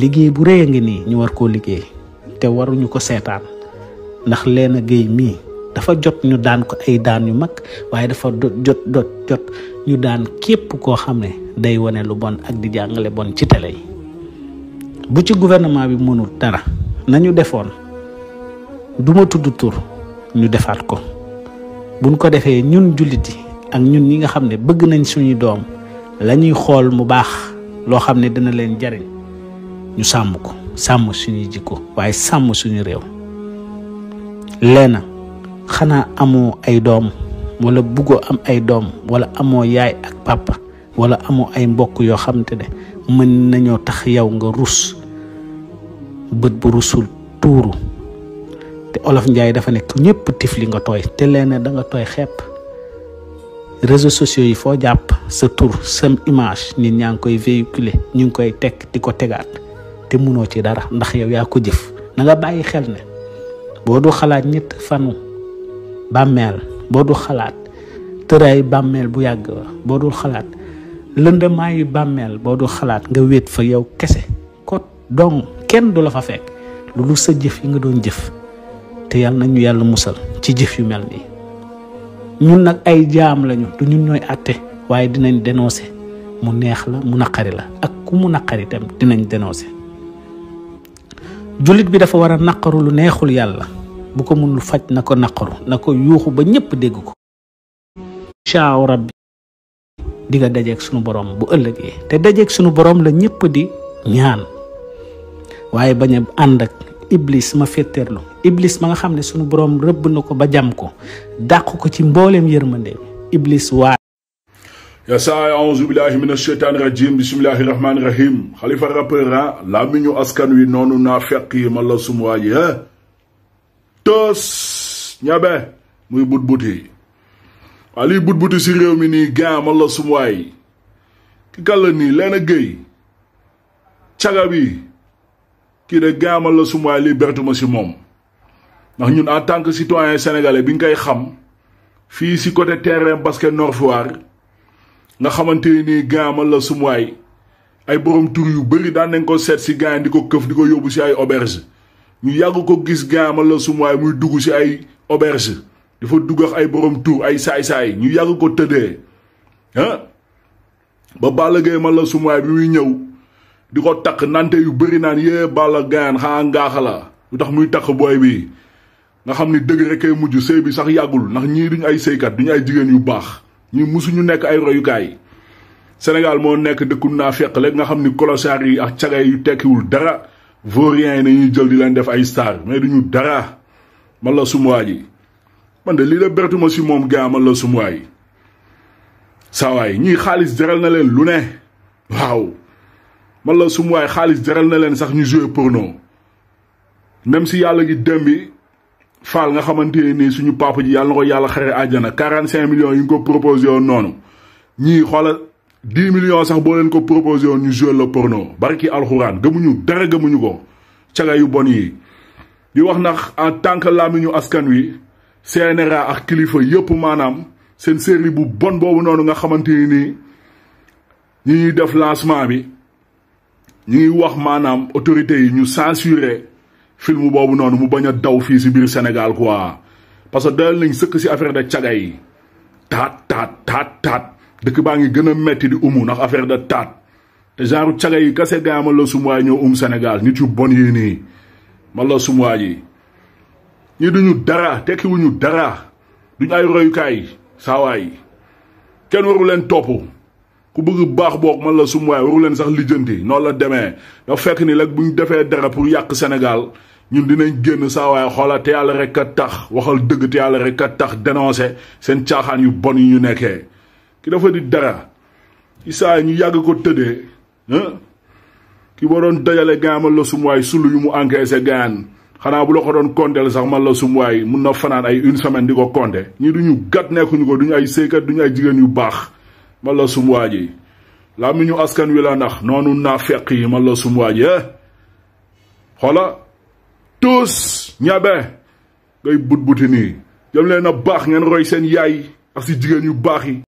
liggéey bu rëy a ngi nii ñu war koo liggéey te waruñu ko seetaan ndax Léna Guèye mii dafa jot ñu daan ko ay daan yu mag waaye dafa jot jot jot ñu daan képp koo xam ne day wane lu bon ak di jàngale bon ci télé yi bu ci gouvernement bi mënul dara nañu defoon du ma tudd tur ñu defaat ko buñ ko defee ñun jullit yi ak ñun ñi nga xam ne bëgg nañ suñu doom la ñuy xool mu baax loo xam ne dina leen jariñ ñu sàmm ko sàmm suñuy jikko waaye sàmm suñu réew leena xanaa amoo ay doom wala buggoo am ay doom wala amoo yaay ak papa wala amoo ay mbokk yoo xamante ne mën nañoo tax yow nga rus bët bu rusul tuuru te olof njaay dafa nekk ñëpp tifli nga tooy te leena da nga tooy xepp réseaux sociaux yi foo jàpp sa tur sam image nit ñaa ngi koy véhiculer ñu ngi koy teg di ko tegaat munoo ci dara ndax yow yaa ko jëf na bàyyi xel ne boo du xalaat ñett fanu bàmmeel boo du xalaat tëraay bàmmeel bu yàgg ba boo dul xalaat lëndamaayu bàmmeel boo dul xalaat nga wéet fa yow kese kot dong kenn du la fa fekk lu dul sa jëf yi nga doon jëf te yàlla nañu yàlla musal ci jëf yu mel nii ñun nag ay jaam lañu du ñun ñooy àtte waaye dinañ dénoncé mu neex la mu naqari la ak ku mu naqari tam dinañ dénoncé jullit bi dafa war a naqaru lu neexul yàlla bu ko mënul faj na ko naqaru na ko yuuxu ba ñépp dégg ko chaaw rabbi di nga dajeeg sunu borom bu ëllëgee te dajeeg sunu boroom la ñépp di ñaan waaye bañ ànd ak iblis ma féttéerlu iblis ma nga xam ne sunu borom rëbb na ko ba jam ko dàq ko ci mbooleem yërmande iblis waa yasaay aouzu billahi mina sheytaani rajim bismillahi rahmaani xalifa rappeur a ah, laa mi ñu askan wi noonu naa fekk yi man la sumuwaa ji eh? é toos ñabe muy but buti waa lii but buti si réew mi nii gan man la sumuwaay ki kàlla nii leen a géy caga kii de gan la sumuwaay lii bertuma si moom ndax ñun en tant que citoyen sénégalais bi ngay xam fii si côté terrain basket Nord Foire nga xamante ni gaamal la sumuwaay ay borom tur yu bëri daan nañ ko seet si gaan di ko këf di ko yóbbu si ay auberge ñu yàgg ko gis gaamal la sumuwaay muy dugg si ay auberge dafa dugg ak ay borom tur ay saay-saay ñu yàgg ko tëddee ah ba Balla Gaye man la sumuwaay bi muy ñëw di ko takk nante yu bëri naan yée Balla gaan xaa ngaaxa la lu tax muy takk booy bi nga xam ni dëgg rekk ay mujj sëy bi sax yàggul ndax ñii duñu ay sëykat duñu ay jigéen yu baax ñu musuñu nekk ay royukaay yi moo nekk dëkku naa fekk rek nga xam ni colossar yi ak cagay yu tekkiwul dara vaurien yi nañuy jël di leen def ay star mais duñu dara man la sumuwaa ji man de lii la bertuma si moom gaa man la sumuwaa yi saawaay ñii xaalis jaral na leen lu ne waaw man la sumuwaay xaalis jaral na leen sax ñu jouer porno même si yàlla gi dem bi Fall nga xamante ne suñu papa ji yàlla na yàlla xare àjjana 45 millions yi nga ko proposé woon noonu ñii xoola 10 millions sax boo leen ko proposé woon ñu joué le porno barki alxuraan gëmuñu dara gëmuñu ko caga yu bon yi. di wax ndax en tant que lamiñu askan wi CNRA ak kilifa yëpp maanaam seen série bu bon boobu noonu nga xamante ni nii ñi ñuy def lancement bi ñu ngi wax maanaam autorités yi ñu censuré. film boobu noonu mu bañ a daw fii si biir Sénégal quoi parce que dal nañ sëkk si affaire de caga yi taat taat taat taat dëkk baa ngi gën a metti di umu ndax affaire de taat te genre caga yi kase gaama la sumuwaay ñoo um Sénégal nit yu bon yii nii man la sumuwaay yi ñi duñu dara tekkiwuñu dara duñu ay royukaay saawaay kenn waru leen topp ku bëgg baax boog man la sum waay waru leen sax lijjanti noonu la demee dafa fekk ni rek bu ñu defee dara pour yàq Sénégal ñun dinañ génn saa waaye te yàlla rek a tax waxal dëgg te yàlla rek a tax dénoncé seen caaxaan yu bon yu ñu nekkee ki dafa di dara ci ñu yàgg ko tëddee kii ba doon dajale gaan la sum waay sulu yu mu encaissé gaan xanaa bu la ko doon konteel sax mal la sum waay mun na fanaan ay une semaine di ko compté ñi duñu gat nekkuñu ko duñu ay sëykat duñu ay jigéen yu baax man la sum waa ji askan wi la ndax noonu naa feq yi man la sum waa ji eh? xoola tous ñabe ngay but buti nii jëm leen a baax ngeen roy seen yaay ak si jigéen yu baax yi